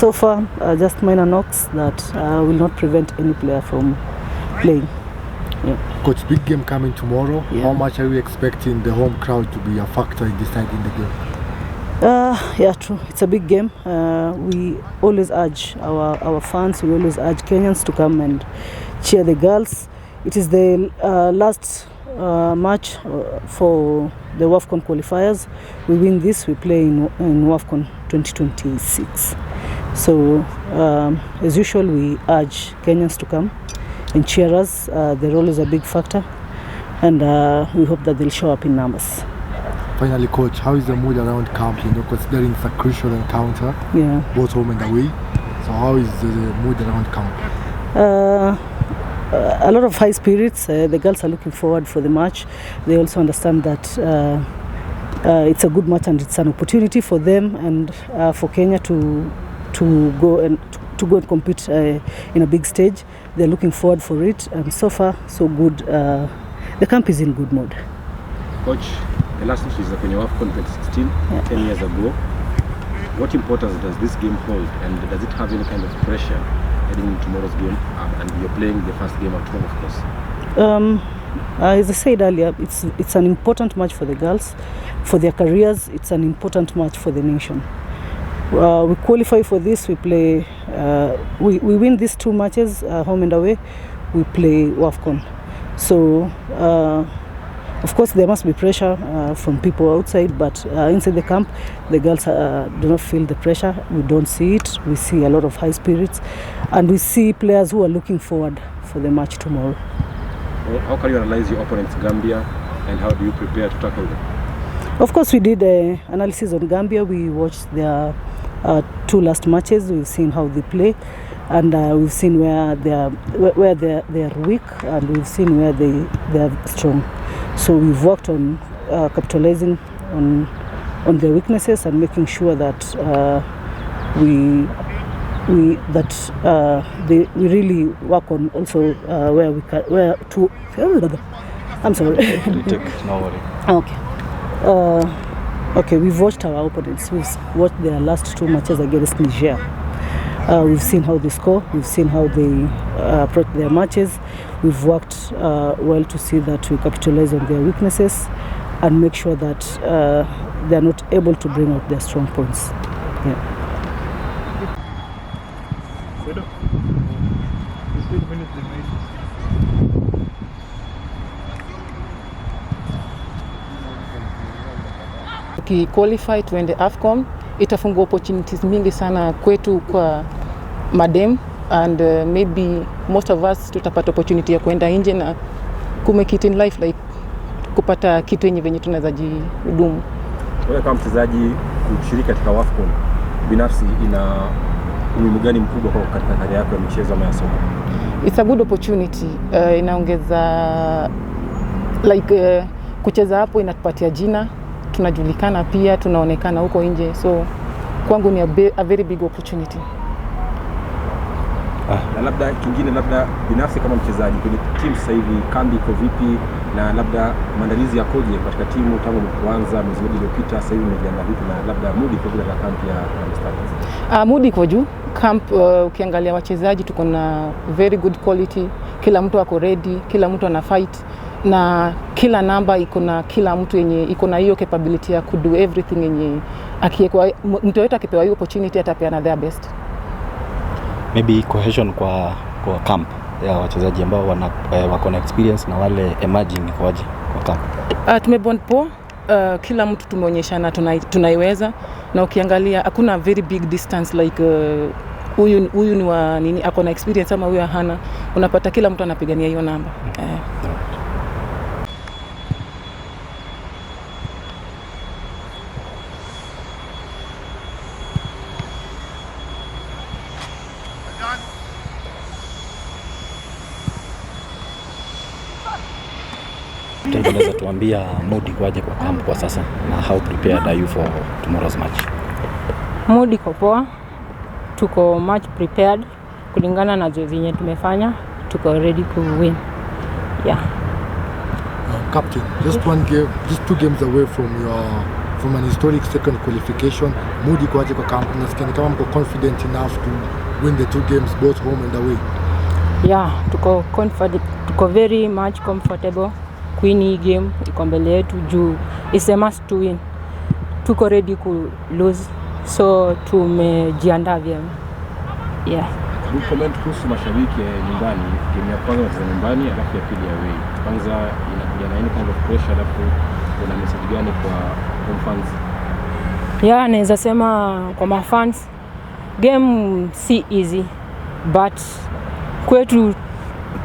so far, uh, just minor knocks that uh, will not prevent any player from playing. Yeah. Coach, big game coming tomorrow. Yeah. How much are we expecting the home crowd to be a factor in deciding the game? Uh, yeah, true. It's a big game. Uh, we always urge our, our fans, we always urge Kenyans to come and cheer the girls. It is the uh, last uh, match uh, for the WAFCON qualifiers. We win this, we play in, in WAFCON 2026. So um, as usual we urge Kenyans to come and cheer us. Uh, the role is a big factor and uh, we hope that they'll show up in numbers. Finally, coach, how is the mood around camp? You know, considering it's a crucial encounter, yeah. both home and away. So how is the mood around camp? Uh, uh, a lot of high spirits. Uh, the girls are looking forward for the match. They also understand that uh, uh, it's a good match and it's an opportunity for them and uh, for Kenya to to go and to go and compete uh, in a big stage. They're looking forward for it. and um, so far, so good. Uh, the camp is in good mood. Coach, the last season kwenye AFCON 2016, yeah. 10 years ago. What importance does this game hold and does it have any kind of pressure heading into tomorrow's game uh, and you're playing the first game at home, of course? Um, Uh, as I said earlier, it's, it's an important match for the girls, for their careers, it's an important match for the nation. Uh, we qualify for this we play uh, we, we win these two matches uh, home and away we play WAFCON so uh, of course there must be pressure uh, from people outside but uh, inside the camp the girls uh, do not feel the pressure we don't see it we see a lot of high spirits and we see players who are looking forward for the match tomorrow how can you analyze your opponents Gambia and how do you prepare to tackle them Of course, we did uh, analysis on Gambia. We watched their uh, two last matches. We've seen how they play, and uh, we've seen where they are where they are, they are weak, and we've seen where they they are strong. So we've worked on uh, capitalizing on on their weaknesses and making sure that uh, we we that uh, they, we really work on also uh, where we can where to. I'm sorry. okay. uh, okay, we've watched our opponents. We've watched their last two matches against Niger. Uh, we've seen how they score. We've seen how they uh, approach their matches. We've worked uh, well to see that we capitalize on their weaknesses and make sure that uh, they're not able to bring out their strong points. Yeah. tukiqualify tuende AFCON itafungua opportunities mingi sana kwetu kwa madem and uh, maybe most of us tutapata opportunity ya kuenda nje na kumekit in life like kupata kitu yenye venye tunaweza jihudumu. Wewe kama mchezaji kushiriki katika AFCON binafsi ina umuhimu gani mkubwa kwa katika karia yako ya michezo ama ya soka? It's a good opportunity. Uh, inaongeza like uh, kucheza hapo inatupatia jina tunajulikana pia tunaonekana huko nje, so kwangu ni a, a very big opportunity. Ah, na labda kingine, labda binafsi kama mchezaji kwenye timu sasa hivi kambi iko vipi, na labda maandalizi yakoje katika timu tangu kuanza mwezi mmoja uliopita, sasa hivi umejiandaa vipi, na labda mudi iko katika kambi ya Ah, mudi iko juu camp. Uh, ukiangalia wachezaji tuko na very good quality, kila mtu ako ready, kila mtu ana fight na kila namba iko na kila mtu yenye iko na hiyo capability ya ku do everything yenye akiekwa mtu yote akipewa hiyo opportunity atapeana their best. Maybe cohesion kwa, kwa camp ya wachezaji ambao wana, eh, wako na experience na wale emerging kwaje kwa camp? Uh, ah, tumebond po uh, kila mtu tumeonyeshana tuna, tunaiweza na ukiangalia hakuna very big distance like uh, huyu ni wa nini ako na experience ama huyu hana, unapata kila mtu anapigania hiyo namba mm. eh. Tunaweza tuambia mood kwaje kwa camp kwa sasa na how prepared are you for tomorrow's match? Mood iko poa. Tuko match prepared kulingana na zoezi yenye tumefanya, tuko ready to win. Yeah. Uh, captain, just one game, just two games away from your from an historic second qualification. Mood iko aje kwa camp? Nasikia kama mko confident enough to win the two games both home and away. Yeah, tuko confident, tuko very much comfortable kuwin hii game iko mbele yetu juu is a must to win. Tuko ready ku lose, so tumejiandaa vyema yeah. kuhusu mashabiki ya nyumbani, game ya kwanza ya nyumbani alafu ya pili ya away. Kwanza inakuja na any kind of pressure, alafu una message gani kwa home fans? Yeah, naweza sema kwa mafans game si easy but kwetu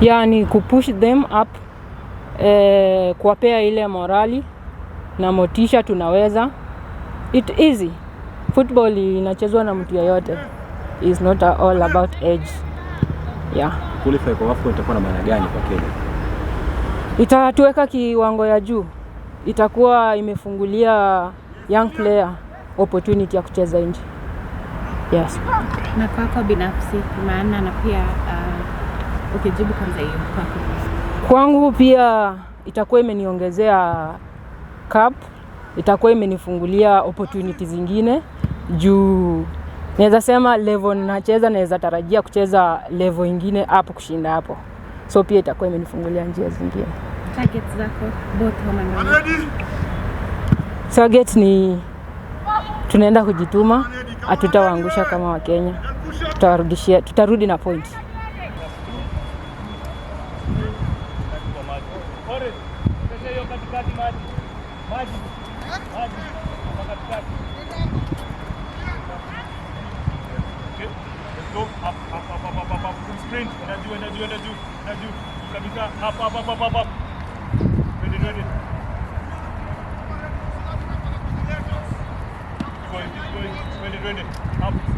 yani kupush them up eh, kuwapea ile morali na motisha, tunaweza. It easy. Football inachezwa na mtu yeyote, is not all about age. Yeah. Qualify kwa AFCON itakuwa na maana gani kwa Kenya? Itatuweka kiwango ya juu, itakuwa imefungulia young player opportunity ya kucheza nje. Yes. Na kwako binafsi maana na pia Ukijibu kwanza hiyo Kwangu pia itakuwa imeniongezea cup, itakuwa imenifungulia opportunity zingine juu naweza sema level nacheza, naweza tarajia kucheza level ingine hapo kushinda hapo, so pia itakuwa imenifungulia njia zingine. Targets zako both target ni tunaenda kujituma, hatutawaangusha kama Wakenya, tutawarudishia, tutarudi na point. Maji, maji. Maji. Maji. Katikati. Go up, up, up, up, up, up, up. Sprint. Unajuu, unajuu, unajuu, unajuu. Kabisa. Up, up, up, up, up, up. Ready, ready. Keep going, keep going. Ready, ready. Up.